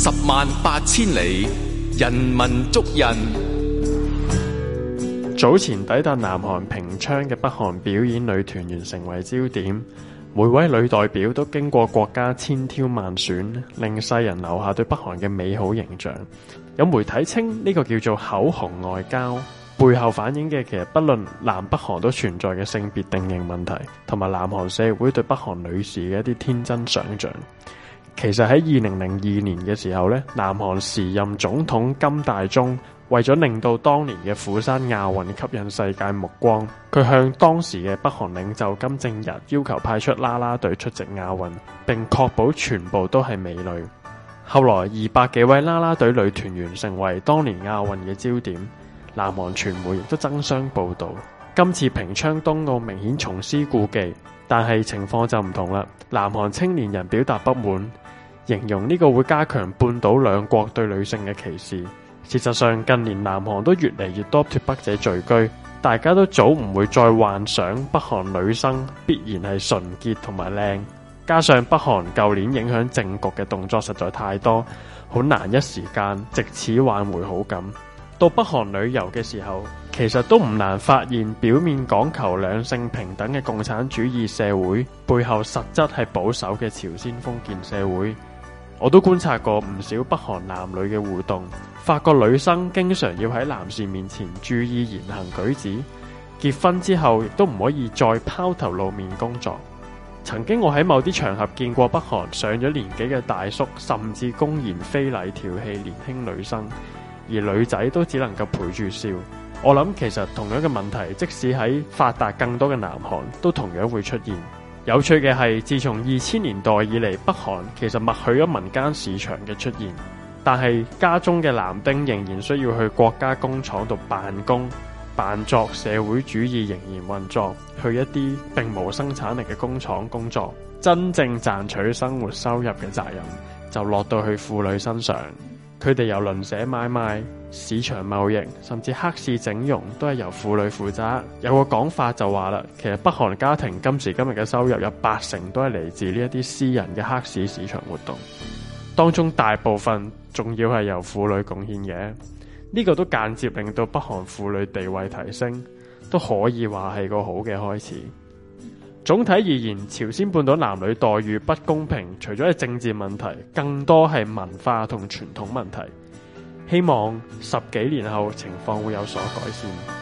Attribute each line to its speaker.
Speaker 1: 十萬八千里，人文足印。早前抵達南韓平昌嘅北韓表演女團員成為焦點，每位女代表都經過國家千挑萬選，令世人留下對北韓嘅美好形象。有媒體稱呢個叫做口紅外交，背後反映嘅其實不論南北韓都存在嘅性別定型問題，同埋南韓社會對北韓女士嘅一啲天真想象。其實喺二零零二年嘅時候呢，南韓時任總統金大中為咗令到當年嘅釜山亞運吸引世界目光，佢向當時嘅北韓領袖金正日要求派出啦啦隊出席亞運，並確保全部都係美女。後來二百幾位啦啦隊女團員成為當年亞運嘅焦點，南韓傳媒亦都爭相報道。今次平昌冬奧明顯重施故技，但係情況就唔同啦。南韓青年人表達不滿。形容呢個會加強半島兩國對女性嘅歧視。事實上，近年南韓都越嚟越多脫北者聚居，大家都早唔會再幻想北韓女生必然係純潔同埋靚。加上北韓舊年影響政局嘅動作實在太多，好難一時間藉此挽回好感。到北韓旅遊嘅時候，其實都唔難發現，表面講求兩性平等嘅共產主義社會，背後實質係保守嘅朝鮮封建社會。我都觀察過唔少北韓男女嘅互動，發覺女生經常要喺男士面前注意言行舉止，結婚之後亦都唔可以再拋頭露面工作。曾經我喺某啲場合見過北韓上咗年紀嘅大叔，甚至公然非禮調戲年輕女生，而女仔都只能夠陪住笑。我諗其實同樣嘅問題，即使喺發達更多嘅南韓，都同樣會出現。有趣嘅係自從二千年代以嚟，北韓其實默許咗民間市場嘅出現，但係家中嘅男丁仍然需要去國家工廠度辦公，扮作社會主義仍然運作，去一啲並無生產力嘅工廠工作。真正賺取生活收入嘅責任，就落到去婦女身上。佢哋由鄰舍買賣、市場貿易，甚至黑市整容，都係由婦女負責。有個講法就話啦，其實北韓家庭今時今日嘅收入有八成都係嚟自呢一啲私人嘅黑市市場活動，當中大部分仲要係由婦女貢獻嘅。呢個都間接令到北韓婦女地位提升，都可以話係個好嘅開始。總體而言，朝鮮半島男女待遇不公平，除咗係政治問題，更多係文化同傳統問題。希望十幾年後，情況會有所改善。